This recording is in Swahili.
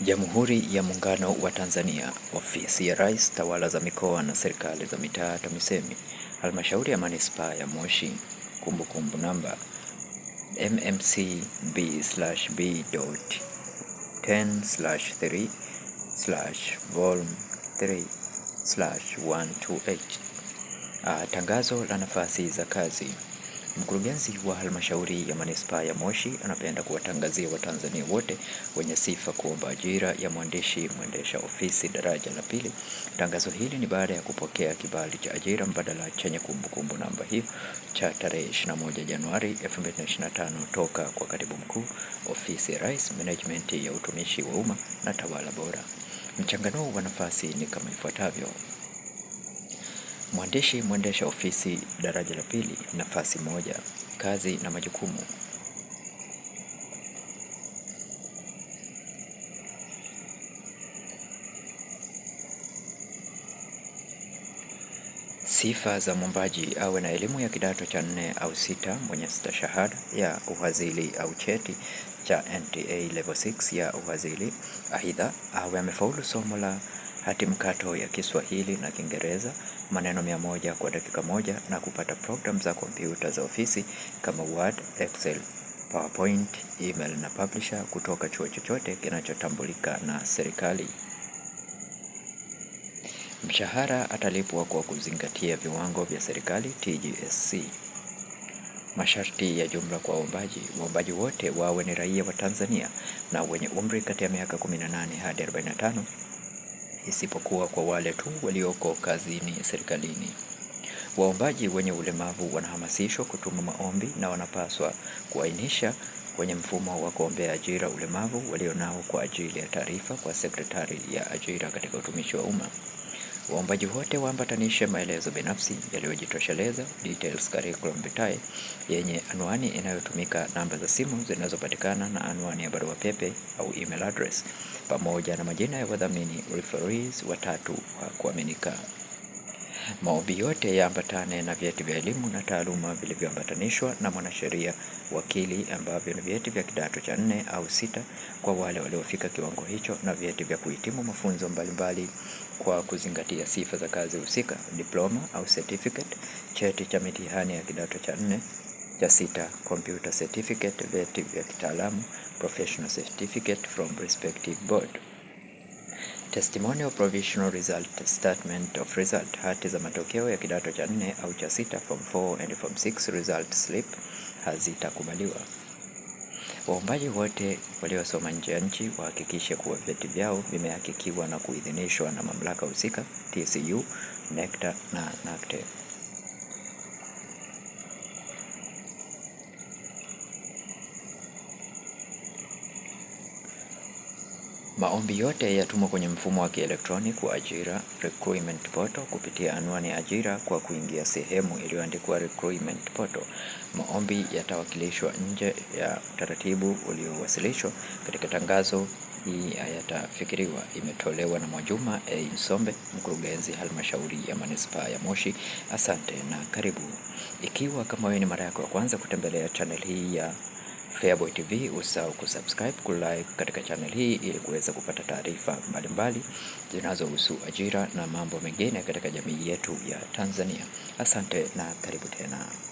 Jamhuri ya Muungano wa Tanzania, Ofisi ya Rais, Tawala za Mikoa na Serikali za Mitaa, TAMISEMI, Halmashauri ya Manispaa ya Moshi, kumbukumbu namba mmcb/b.10/3/vol3/128. Ah, tangazo la nafasi za kazi. Mkurugenzi wa halmashauri ya manispaa ya Moshi anapenda kuwatangazia Watanzania wote wenye sifa kuomba ajira ya mwandishi mwendesha ofisi daraja la pili. Tangazo hili ni baada ya kupokea kibali cha ajira mbadala chenye kumbukumbu namba hiyo cha tarehe 21 Januari 2025 toka kwa Katibu Mkuu, Ofisi ya Rais, management ya Utumishi wa Umma na Tawala Bora. Mchanganuo wa nafasi ni kama ifuatavyo. Mwandishi mwendesha ofisi daraja la pili, nafasi moja. Kazi na majukumu. Sifa za mwombaji: awe na elimu ya kidato cha nne au sita, mwenye stashahada ya uhazili au cheti cha NTA level 6 ya uhazili. Aidha, awe amefaulu somo la hati mkato ya Kiswahili na Kiingereza maneno mia moja kwa dakika moja na kupata program za kompyuta za ofisi kama Word, Excel, PowerPoint, email na Publisher kutoka chuo chochote kinachotambulika na serikali. Mshahara atalipwa kwa kuzingatia viwango vya serikali TGSC. Masharti ya jumla kwa waombaji. Waombaji wote wawe ni raia wa Tanzania na wenye umri kati ya miaka 18 hadi 45 isipokuwa kwa wale tu walioko kazini serikalini. Waombaji wenye ulemavu wanahamasishwa kutuma maombi na wanapaswa kuainisha kwenye mfumo wa kuombea ajira ulemavu walionao kwa ajili ya taarifa kwa sekretari ya ajira katika utumishi wa umma. Waombaji wote waambatanishe maelezo binafsi yaliyojitosheleza details curriculum vitae yenye anwani inayotumika, namba za simu zinazopatikana, na anwani ya barua pepe au email address pamoja na majina ya wadhamini referees watatu wa kuaminika. Maombi yote yaambatane na vyeti vya elimu na taaluma vilivyoambatanishwa na mwanasheria wakili, ambavyo ni vyeti vya kidato cha nne au sita kwa wale waliofika kiwango hicho, na vyeti vya kuhitimu mafunzo mbalimbali kwa kuzingatia sifa za kazi husika, diploma au certificate, cheti cha mitihani ya kidato cha nne cha sita, computer certificate, vyeti vya kitaalamu, professional certificate from respective board. testimonial provisional result, statement of result, hati za matokeo ya kidato cha nne au cha sita, form 4 and form 6 result slip hazitakubaliwa. Waombaji wote waliosoma nje ya nchi wahakikishe kuwa vyeti vyao vimehakikiwa na kuidhinishwa na mamlaka husika TCU, NECTA na NACTE. Maombi yote yatumwa kwenye mfumo wa kielektroniki wa ajira recruitment portal kupitia anwani ya ajira kwa kuingia sehemu iliyoandikwa recruitment portal. Maombi yatawakilishwa nje ya utaratibu uliowasilishwa katika tangazo. Hii hayatafikiriwa. Imetolewa na Mwajuma A. Nsombe, mkurugenzi halmashauri ya manispaa ya Moshi. Asante na karibu. Ikiwa kama wewe ni mara yako ya kwanza kutembelea channel hii ya Feaboy TV, usahau kusubscribe, kulike katika channel hii ili kuweza kupata taarifa mbalimbali zinazohusu ajira na mambo mengine katika jamii yetu ya Tanzania. Asante na karibu tena.